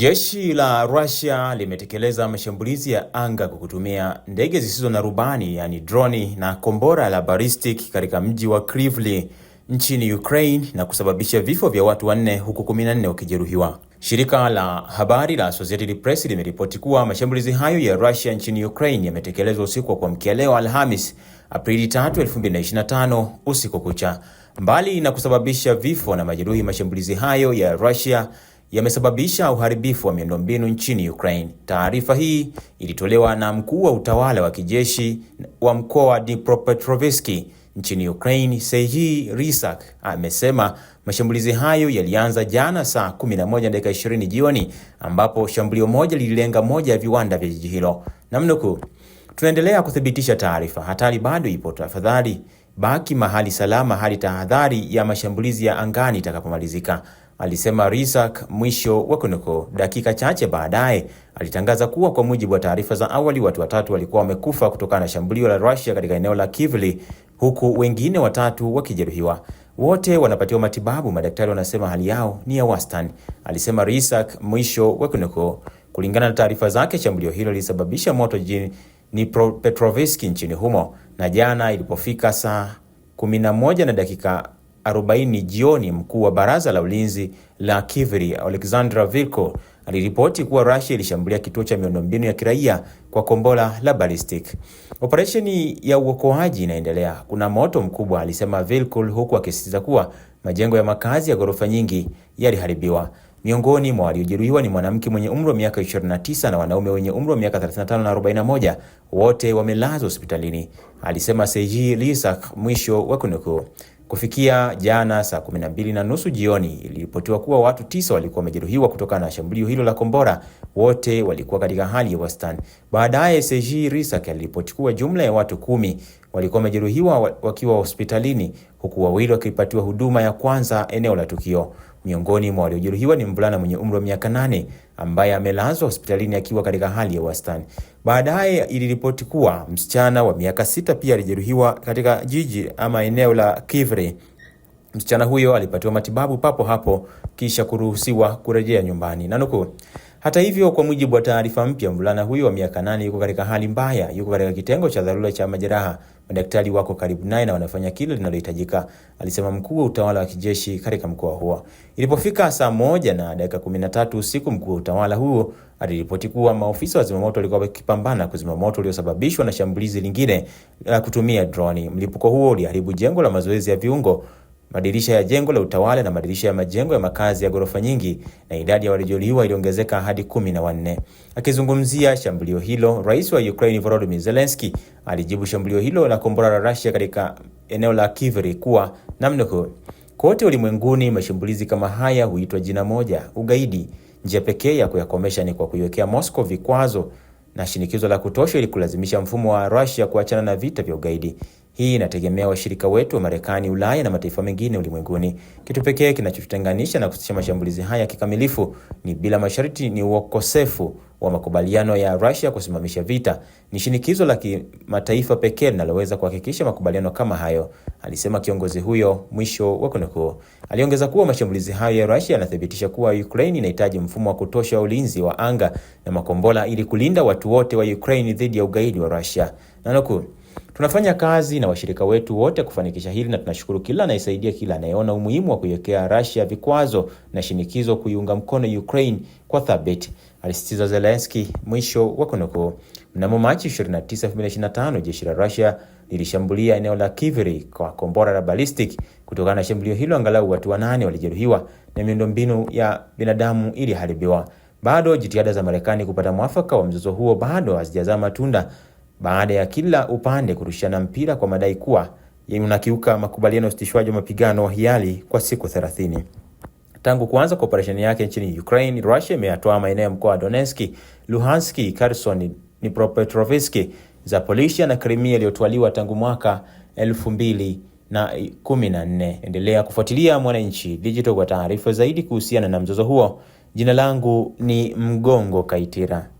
Jeshi la Russia limetekeleza mashambulizi ya anga kwa kutumia ndege zisizo na rubani yaani droni na kombora la ballistic katika mji wa Kryvyi nchini Ukraine na kusababisha vifo vya watu wanne huku 14 wakijeruhiwa. Shirika la habari la Associated Press limeripoti kuwa mashambulizi hayo ya Russia nchini Ukraine yametekelezwa usiku wa kuamkia leo Alhamis, Aprili 3, 2025 usiku kucha. Mbali na kusababisha vifo na majeruhi, mashambulizi hayo ya Russia yamesababisha uharibifu wa miundombinu nchini Ukraine. Taarifa hii ilitolewa na mkuu wa utawala wa kijeshi wa mkoa wa Dnipropetrovsk nchini Ukraine, Sergei risak amesema mashambulizi hayo yalianza jana saa 11:20 jioni, ambapo shambulio moja lililenga moja ya viwanda vya jiji hilo. Namnuku, tunaendelea kuthibitisha taarifa, hatari bado ipo, tafadhali baki mahali salama hadi tahadhari ya mashambulizi ya angani itakapomalizika alisema Risak, mwisho wa kunuko. Dakika chache baadaye alitangaza kuwa kwa mujibu wa taarifa za awali, watu watatu walikuwa wamekufa kutokana na shambulio la Russia katika eneo la Kivli, huku wengine watatu wakijeruhiwa. Wote wanapatiwa matibabu, madaktari wanasema hali yao ni ya wastani, alisema Risak, mwisho wa kunuko. Kulingana na taarifa zake, shambulio hilo lilisababisha moto jijini Dnipropetrovsk nchini humo, na jana ilipofika saa 11 na dakika 40 jioni, mkuu wa baraza la ulinzi la Kiviri Alexandra Vilko aliripoti kuwa Russia ilishambulia kituo cha miundombinu ya kiraia kwa kombora la ballistic. Operesheni ya uokoaji inaendelea, kuna moto mkubwa, alisema Vilko, huku akisisitiza kuwa majengo ya makazi ya ghorofa nyingi yaliharibiwa. Miongoni mwa waliojeruhiwa ni mwanamke mwenye umri wa miaka 29 na wanaume wenye umri wa miaka 35 na 41, wote wamelazwa hospitalini, alisema Serhiy Lysak, mwisho wa kunukuu. Kufikia jana saa kumi na nusu jioni, iliripotiwa kuwa watu tisa walikuwa wamejeruhiwa kutokana na shambulio hilo la kombora, wote walikuwa katika hali ya wastani. Baadaye Serge Risak aliripoti kuwa jumla ya watu kumi walikuwa wamejeruhiwa wakiwa hospitalini, huku wawili wakipatiwa huduma ya kwanza eneo la tukio. Miongoni mwa waliojeruhiwa ni mvulana mwenye umri wa miaka nane ambaye amelazwa hospitalini akiwa katika hali ya wastani. Baadaye iliripoti kuwa msichana wa miaka sita pia alijeruhiwa katika jiji ama eneo la Kivre. Msichana huyo alipatiwa matibabu papo hapo kisha kuruhusiwa kurejea nyumbani. Nanukuu, hata hivyo, kwa mujibu wa taarifa mpya, mvulana huyo wa miaka nane yuko katika hali mbaya, yuko katika kitengo cha dharura cha majeraha. Madaktari wako karibu naye na wanafanya kila linalohitajika, alisema mkuu wa utawala wa kijeshi katika mkoa huo. Ilipofika saa moja na dakika 13 usiku, mkuu wa utawala huo aliripoti kuwa maofisa wa zimamoto walikuwa wakipambana kuzima moto uliosababishwa na shambulizi lingine la kutumia droni. Mlipuko huo uliharibu jengo la mazoezi ya viungo madirisha ya jengo la utawala na madirisha ya majengo ya makazi ya ghorofa nyingi na idadi ya waliojeruhiwa iliongezeka hadi kumi na wanne. Akizungumzia shambulio hilo, Rais wa Ukraine Volodymyr Zelensky alijibu shambulio hilo la kombora la Russia katika eneo la Kivri kuwa namna Kote ulimwenguni, mashambulizi kama haya huitwa jina moja, ugaidi. Njia pekee ya kuyakomesha ni kwa kuiwekea Moscow vikwazo na shinikizo la kutosha ili kulazimisha mfumo wa Russia kuachana na vita vya ugaidi. Hii inategemea washirika wetu wa Marekani, Ulaya na mataifa mengine ulimwenguni. Kitu pekee kinachotutenganisha na kusitisha mashambulizi haya kikamilifu ni bila masharti ni ukosefu wa makubaliano ya Russia kusimamisha vita. Ni shinikizo la kimataifa pekee linaloweza kuhakikisha makubaliano kama hayo, alisema kiongozi huyo, mwisho wa kunukuu. Aliongeza kuwa mashambulizi hayo ya Russia yanathibitisha kuwa Ukraine inahitaji mfumo wa kutosha wa ulinzi wa anga na makombora ili kulinda watu wote wa Ukraine dhidi ya ugaidi wa Russia. Nanukuu, Tunafanya kazi na washirika wetu wote kufanikisha hili na tunashukuru kila anayesaidia, kila anayeona umuhimu wa kuiwekea Russia vikwazo na shinikizo kuiunga mkono Ukraine kwa thabiti, alisisitiza Zelensky. Mwisho wa kunukuu. Mnamo Machi 29, 2025 jeshi la Russia lilishambulia eneo la Kiviri kwa kombora la ballistic. Kutokana na shambulio hilo, angalau watu wanane walijeruhiwa na miundombinu ya binadamu iliharibiwa. Bado jitihada za Marekani kupata mwafaka wa mzozo huo bado hazijazaa matunda, baada ya kila upande kurushiana mpira kwa madai kuwa unakiuka makubaliano ya usitishwaji wa mapigano wa hiari kwa siku 30. Tangu kuanza kwa operesheni yake nchini Ukraine, Russia imeyatoa maeneo ya mkoa wa Donetsk, Luhansk, Kherson, Dnipropetrovsk, Zaporizhia na Crimea iliyotwaliwa tangu mwaka 2014. Endelea kufuatilia Mwananchi Digital kwa taarifa zaidi kuhusiana na mzozo huo. Jina langu ni Mgongo Kaitira.